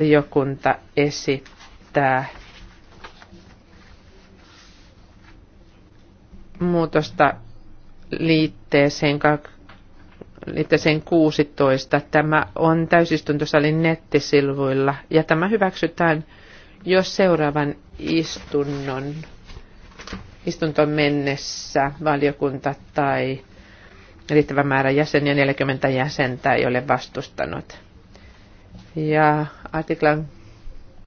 valiokunta esittää muutosta liitteeseen, liitteeseen 16. Tämä on täysistuntosalin nettisivuilla ja tämä hyväksytään, jos seuraavan istunnon istuntoon mennessä valiokunta tai riittävä määrä jäseniä, 40 jäsentä ei ole vastustanut. Ja artiklan